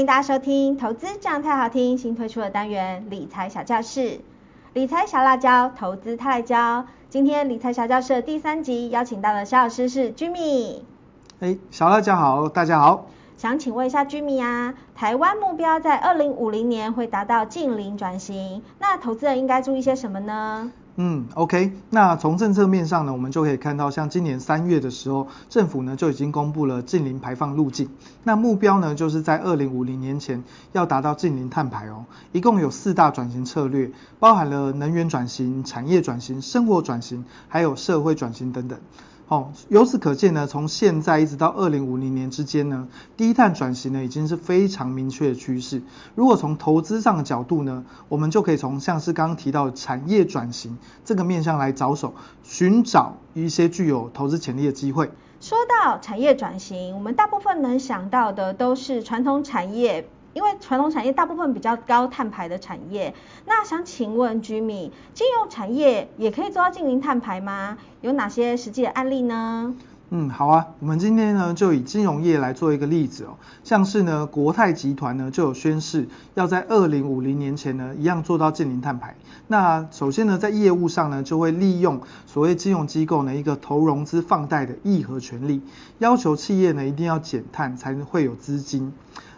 歡迎大家收聽《投資這樣泰好聽》新推出的單元《理財小教室》。理財小辣椒，投資泰辣椒。今天《理財小教室》第三集邀請到的小老師是 Jimmy。哎，小辣椒好，大家好。想請問一下 Jimmy 啊，台灣目標在二零五零年會達到淨零轉型，那投資人應該注意些什麼呢？嗯，OK，那從政策面上呢，我們就可以看到，像今年三月的時候，政府呢就已經公布了淨零排放路徑。那目標呢，就是在二零五零年前要達到淨零碳排哦。一共有四大轉型策略，包含了能源轉型、產業轉型、生活轉型，還有社會轉型等等。哦，由此可見呢，從現在一直到二零五零年之間呢，低碳轉型呢已經是非常明確的趨勢。如果從投資上的角度呢，我們就可以從像是剛剛提到的產業轉型這個面向來着手，尋找一些具有投資潛力的機會。說到產業轉型，我們大部分能想到的都是傳統產業。因為傳統產業大部分比較高碳排的產業，那想請問 Jimmy，金融產業也可以做到淨零碳排嗎？有哪些實際的案例呢？嗯，好啊，我們今天呢就以金融業來做一個例子哦，像是呢國泰集團呢就有宣示要在二零五零年前呢一樣做到淨零碳排。那首先呢，在業務上呢就會利用所謂金融機構呢一個投融資放貸的義和權利，要求企業呢一定要減碳，才能會有資金。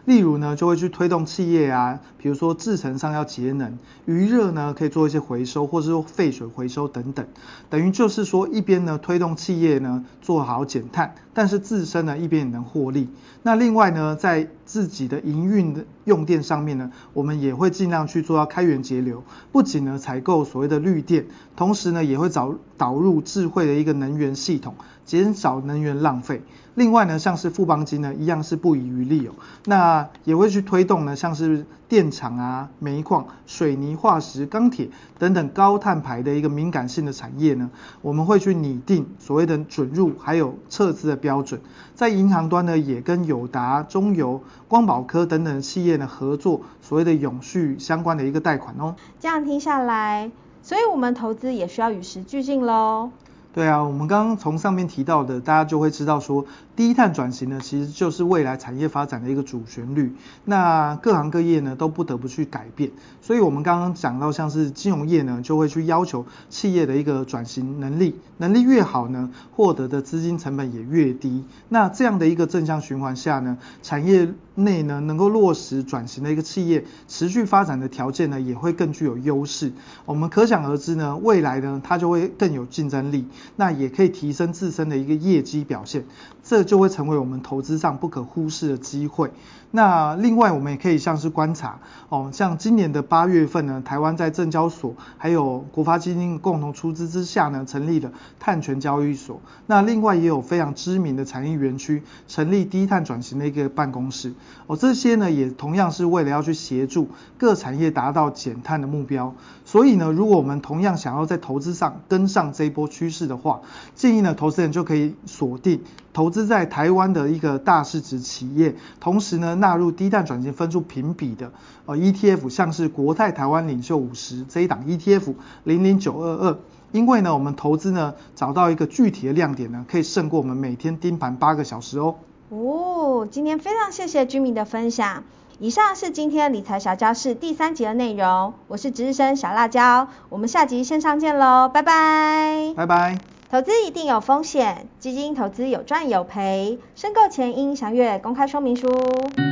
例如呢，就會去推動企業啊，比如說製程上要節能，餘熱呢可以做一些回收，或者是說廢水回收等等，等於就是說一邊呢推動企業呢做好減碳，但是自身呢一邊也能獲利。那另外呢，在自己的營運的用電上面呢，我們也會盡量去做到開源節流，不僅呢採購所謂的綠電，同時呢也會找導入智慧的一個能源系統，減少能源浪費。另外呢，像是富邦金呢一樣是不遺餘力哦，那也會去推動呢像是。電廠啊、煤礦、水泥、化石、鋼鐵等等高碳排的一個敏感性的產業呢，我們會去擬定所謂的准入還有撤資的標準。在銀行端呢，也跟友達、中油、光寶科等等企業呢合作，所謂的永續相關的一個貸款哦。這樣聽下來，所以我們投資也需要與時俱進嘍。對啊，我們剛剛從上面提到的，大家就會知道說，低碳轉型呢，其實就是未來產業發展的一個主旋律。那各行各業呢，都不得不去改變。所以，我們剛剛講到，像是金融業呢，就會去要求企業的一個轉型能力，能力越好呢，獲得的資金成本也越低。那這樣的一個正向循環下呢，產業。內呢能夠落實轉型的一個企業，持續發展的條件呢也會更具有優勢。我們可想而知呢，未來呢它就會更有競爭力，那也可以提升自身的一個業績表現，這就會成為我們投資上不可忽視的機會。那另外我們也可以像是觀察，哦像今年的八月份呢，台灣在證交所還有國發基金共同出資之下呢，成立了碳權交易所。那另外也有非常知名的產業園區成立低碳轉型的一個辦公室。哦，這些呢，也同樣是為了要去協助各產業達到減碳的目標。所以呢，如果我們同樣想要在投資上跟上這一波趨勢的話，建議呢，投資人就可以鎖定投資在台灣的一個大市值企業，同時呢，納入低碳轉型分數評比的呃 ETF，像是國泰台灣領袖五十這一檔 ETF 零零九二二，因為呢，我們投資呢，找到一個具體的亮點呢，可以勝過我們每天盯盤八個小時哦。哦，今天非常謝謝居民的分享。以上是今天理財小教室第三集的內容，我是實習生小辣椒，我們下集線上見嘍，拜拜。拜拜。投資一定有風險，基金投資有賺有賠，申購前應詳閱公開說明書。